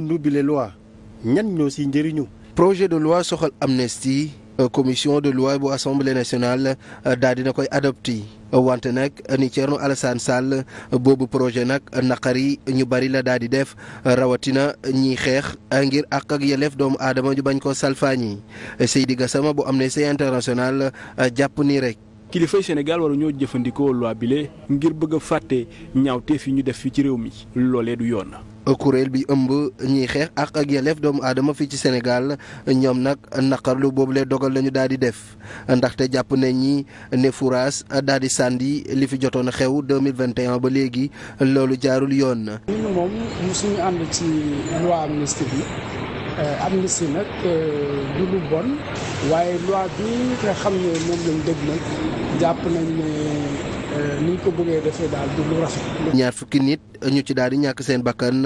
sukkandu bi le loi ñan ñoo si njëriñu. projet de loi soxal amnistie euh, commission de loi bu assemblée nationale euh, daal dina koy adopté wante nag ni Thierno Alassane Sall boobu projet nag naqari ñu bari la daal di def rawatina ñiy xeex euh, ngir àq ak yelleef doomu aadama ñu bañ koo salfaañi Seydi sama bu Amnesty International jàpp nii rek. kilifay Sénégal waru ñoo jëfandikoo loi bile ngir bëgg a fàtte ñaawteef yi ñu def fi ci réew mi loolee du yoon. kuréel bi ëmb ñiy xeex ak ak yelleef doomu aadama fii ci Sénégal ñoom nag naqarlu boobu lay dogal la ñu daal di def ndaxte jàpp nañ ñi ne fourage daal di sàndi li fi jotoon a xew 2021 ba léegi loolu jaarul yoon. ñun moom mosuñu ànd ci loi amnistie bi. Euh, amnistie nag euh, du bon waaye loi bi nga xam ne moom lañ dégg nag jàpp nañ ne euh, ni ñu ko bëggee defee daal du lu rafet. ñaar fukki nit ñu ci daal di ñàkk seen bakkan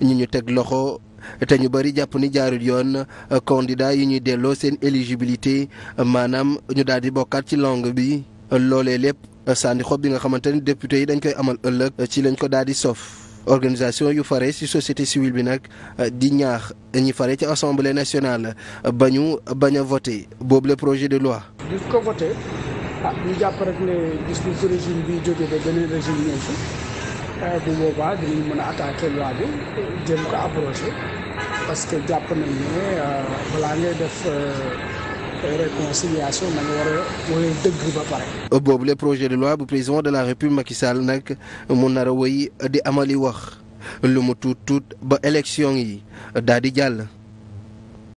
ñu ñu teg loxo te ñu bari jàpp ni jaarul yoon candidat yi ñuy delloo seen éligibilité maanaam ñu daal di bokkaat ci langue bi loolee lépp sànni xob bi nga xamante ni député yi dañ koy amal ëllëg ci lañ ko daal di sof. organisation yu fare ci société civile bi nag euh, di ñaax ñi fare ci assemblée nationale euh, ba ñu bañ a voté boobu le projet de loi. di ko voté ah ñu jàpp rek ne gis ni régime bi jóge ba beneen régime ñëw fi euh, bu boobaa dinañ mën a attaqué loi bi jëm ko abrogé parce que jàpp nañ ne balaa ngay def. et boobu le projet de loi bu président de la république Macky Sall nag mu nara a di amali wax lu mu tuut tuut ba élection yi daal di jàll.